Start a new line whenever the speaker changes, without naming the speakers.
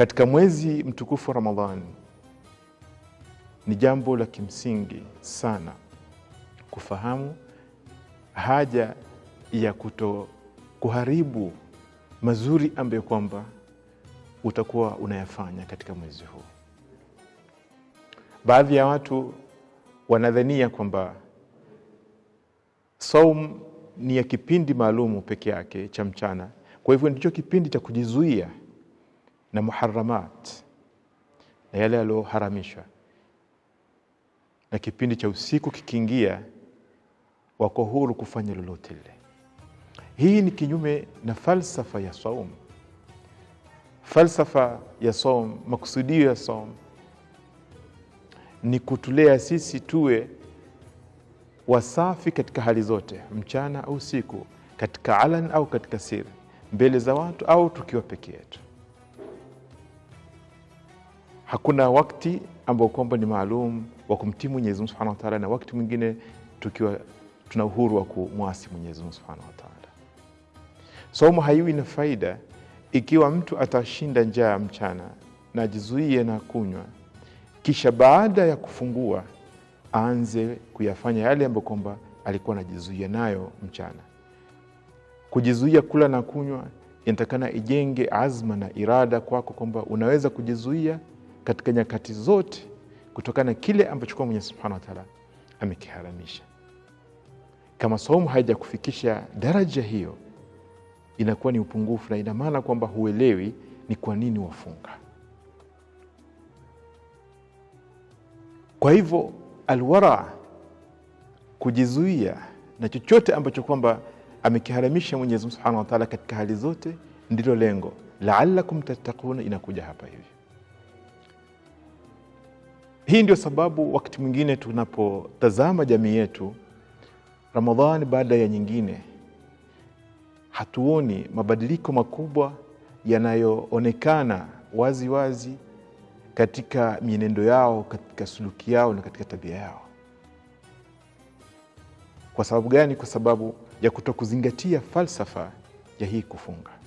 katika mwezi mtukufu wa Ramadhani ni jambo la kimsingi sana kufahamu haja ya kuto kuharibu mazuri ambayo kwamba utakuwa unayafanya katika mwezi huu. Baadhi ya watu wanadhania kwamba saum ni ya kipindi maalumu peke yake cha mchana, kwa hivyo ndicho kipindi cha kujizuia na muharamat na yale yaliyoharamishwa na kipindi cha usiku kikiingia wako huru kufanya lolote lile. Hii ni kinyume na falsafa ya saum. Falsafa ya som makusudio ya som ni kutulea sisi tuwe wasafi katika hali zote, mchana au usiku, katika alan au katika siri, mbele za watu au tukiwa peke yetu. Hakuna wakti ambao kwamba ni maalum wa kumtii Mwenyezi Mungu Subhanahu wa Ta'ala, na wakati mwingine tukiwa tuna uhuru wa kumwasi Mwenyezi Mungu Subhanahu wa Ta'ala. Saumu haiwi na faida ikiwa mtu atashinda njaa mchana na jizuie na kunywa, kisha baada ya kufungua aanze kuyafanya yale ambayo kwamba alikuwa anajizuia nayo mchana. Kujizuia kula na kunywa, inatakana ijenge azma na irada kwako kwamba unaweza kujizuia katika nyakati zote kutokana na kile ambacho kwa Mwenyezi Subhanahu wa Ta'ala amekiharamisha. Kama saumu haijakufikisha daraja hiyo, inakuwa ni upungufu na ina maana kwamba huelewi ni kwa nini wafunga. Kwa hivyo alwara, kujizuia na chochote ambacho kwamba amekiharamisha Mwenyezi Subhanahu wa Ta'ala katika hali zote, ndilo lengo. Laalakum tattaquna inakuja hapa hivi hii ndio sababu wakati mwingine tunapotazama jamii yetu, Ramadhani baada ya nyingine, hatuoni mabadiliko makubwa yanayoonekana wazi wazi katika mienendo yao, katika suluki yao na katika tabia yao. Kwa sababu gani? Kwa sababu ya kutokuzingatia falsafa ya hii kufunga.